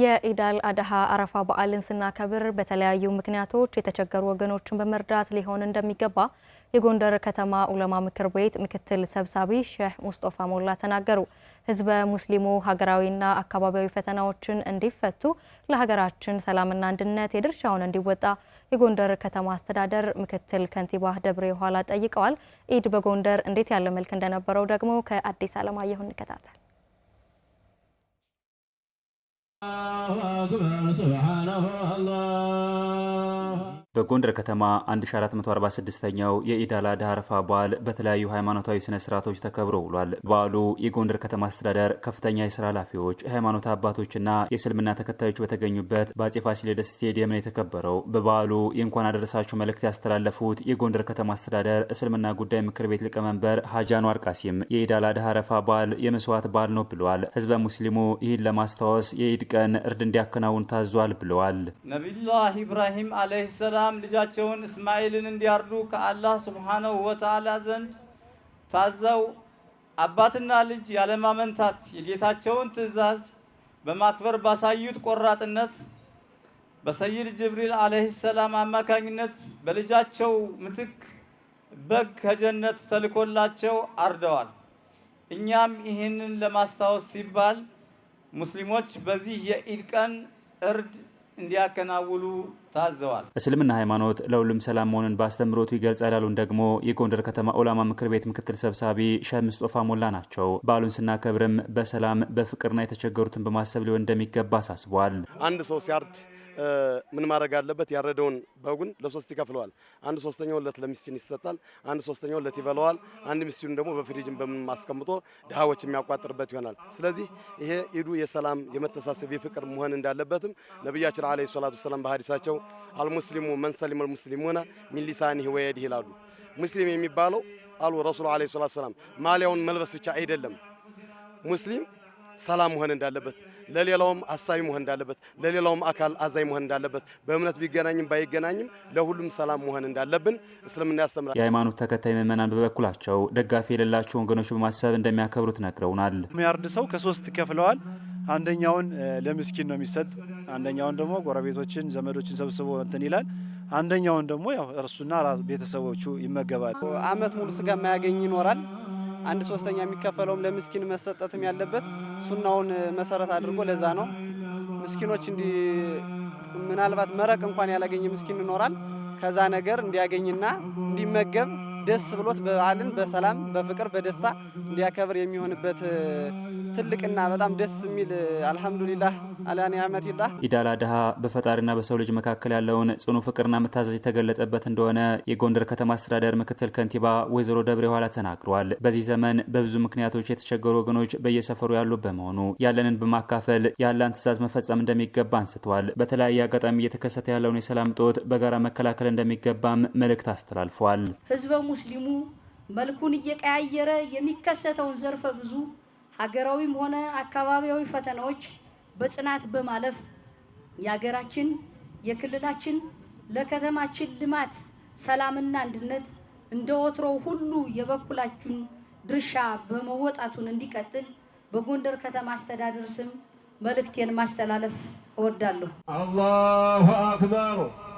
የኢዳል አድሃ አረፋ በዓልን ስናከብር በተለያዩ ምክንያቶች የተቸገሩ ወገኖችን በመርዳት ሊሆን እንደሚገባ የጎንደር ከተማ ዑለማ ምክር ቤት ምክትል ሰብሳቢ ሼህ ሙስጦፋ ሞላ ተናገሩ። ህዝበ ሙስሊሙ ሀገራዊና አካባቢያዊ ፈተናዎችን እንዲፈቱ ለሀገራችን ሰላምና አንድነት የድርሻውን እንዲወጣ የጎንደር ከተማ አስተዳደር ምክትል ከንቲባ ደብሬ ኋላ ጠይቀዋል። ኢድ በጎንደር እንዴት ያለ መልክ እንደነበረው ደግሞ ከአዲስ አለማየሁ እንከታተል። الله أكبر سبحانه الله በጎንደር ከተማ 1446ኛው የኢዳላ ዳርፋ በዓል በተለያዩ ሃይማኖታዊ ስነ ስርዓቶች ተከብሮ ውሏል። በዓሉ የጎንደር ከተማ አስተዳደር ከፍተኛ የስራ ኃላፊዎች፣ የሃይማኖት አባቶችና የእስልምና ተከታዮች በተገኙበት በአጼ ፋሲለደስ ስቴዲየም ነው የተከበረው። በበዓሉ የእንኳን አደረሳችሁ መልእክት ያስተላለፉት የጎንደር ከተማ አስተዳደር እስልምና ጉዳይ ምክር ቤት ሊቀመንበር ሀጂ አንዋር ቃሲም የኢዳላ አረፋ በዓል የመስዋዕት በዓል ነው ብለዋል። ህዝበ ሙስሊሙ ይህን ለማስታወስ የኢድ ቀን እርድ እንዲያከናውን ታዟል ብለዋል። ነቢዩላህ ኢብራሂም ዓለይሂ ሰላም አብርሃም ልጃቸውን እስማኤልን እንዲያርዱ ከአላህ ሱብሓነሁ ወተዓላ ዘንድ ታዘው አባትና ልጅ ያለማመንታት የጌታቸውን ትእዛዝ በማክበር ባሳዩት ቆራጥነት በሰይድ ጅብሪል አለይሂ ሰላም አማካኝነት በልጃቸው ምትክ በግ ከጀነት ተልኮላቸው አርደዋል። እኛም ይህንን ለማስታወስ ሲባል ሙስሊሞች በዚህ የኢድ ቀን እርድ እንዲያከናውሉ ታዘዋል። እስልምና ሃይማኖት ለሁሉም ሰላም መሆንን በአስተምሮቱ ይገልጻል ያሉን ደግሞ የጎንደር ከተማ ዑላማ ምክር ቤት ምክትል ሰብሳቢ ሸህ ምስጦፋ ሞላ ናቸው። በዓሉን ስናከብርም በሰላም በፍቅርና የተቸገሩትን በማሰብ ሊሆን እንደሚገባ አሳስቧል። አንድ ሰው ሲያርድ ምን ማድረግ አለበት? ያረደውን በጉን ለሶስት ይከፍለዋል። አንድ ሶስተኛውን ለት ለሚስቲን ይሰጣል። አንድ ሶስተኛውን ለት ይበለዋል። አንድ ሚስኪኑን ደግሞ በፍሪጅን በምን አስቀምጦ ድሃዎች የሚያቋጥርበት ይሆናል። ስለዚህ ይሄ ኢዱ የሰላም የመተሳሰብ የፍቅር መሆን እንዳለበትም ነቢያችን አለይሂ ሰላቱ ሰላም በሐዲሳቸው አልሙስሊሙ መን ሰሊመ አልሙስሊሙና ሚን ሊሳኒሂ ወየዲሂ ይላሉ። ሙስሊም የሚባለው አሉ ረሱሉ አለይሂ ሰላቱ ሰላም ማሊያውን መልበስ ብቻ አይደለም ሙስሊም ሰላም መሆን እንዳለበት ለሌላውም አሳቢ መሆን እንዳለበት ለሌላውም አካል አዛኝ መሆን እንዳለበት በእምነት ቢገናኝም ባይገናኝም ለሁሉም ሰላም መሆን እንዳለብን እስልምና ያስተምራል። የሃይማኖት ተከታይ ምዕመናን በበኩላቸው ደጋፊ የሌላቸው ወገኖች በማሰብ እንደሚያከብሩት ነግረውናል። ሚያርድ ሰው ከሶስት ከፍለዋል። አንደኛውን ለምስኪን ነው የሚሰጥ፣ አንደኛውን ደግሞ ጎረቤቶችን ዘመዶችን ሰብስቦ እንትን ይላል። አንደኛውን ደግሞ ያው እርሱና ቤተሰቦቹ ይመገባል። አመት ሙሉ ስጋ የማያገኝ ይኖራል አንድ ሶስተኛ የሚከፈለውም ለምስኪን መሰጠትም ያለበት ሱናውን መሰረት አድርጎ ለዛ ነው። ምስኪኖች እንዲ ምናልባት መረቅ እንኳን ያላገኘ ምስኪን ይኖራል። ከዛ ነገር እንዲያገኝና እንዲመገብ ደስ ብሎት በዓልን በሰላም በፍቅር በደስታ እንዲያከብር የሚሆንበት ትልቅና በጣም ደስ የሚል አልሐምዱሊላህ አላ ኒዕመቲላህ። ኢድ አል አድሃ በፈጣሪና በሰው ልጅ መካከል ያለውን ጽኑ ፍቅርና መታዘዝ የተገለጠበት እንደሆነ የጎንደር ከተማ አስተዳደር ምክትል ከንቲባ ወይዘሮ ደብረ ኋላ ተናግረዋል። በዚህ ዘመን በብዙ ምክንያቶች የተቸገሩ ወገኖች በየሰፈሩ ያሉ በመሆኑ ያለንን በማካፈል ያለን ትእዛዝ መፈጸም እንደሚገባ አንስተዋል። በተለያየ አጋጣሚ እየተከሰተ ያለውን የሰላም ጦት በጋራ መከላከል እንደሚገባም መልእክት አስተላልፈዋል። ህዝበ ሙስሊሙ መልኩን እየቀያየረ የሚከሰተውን ዘርፈ ብዙ ሀገራዊም ሆነ አካባቢያዊ ፈተናዎች በጽናት በማለፍ የሀገራችን፣ የክልላችን፣ ለከተማችን ልማት ሰላምና አንድነት እንደ ወትሮው ሁሉ የበኩላችን ድርሻ በመወጣቱን እንዲቀጥል በጎንደር ከተማ አስተዳደር ስም መልእክቴን ማስተላለፍ እወዳለሁ። አላሁ አክበር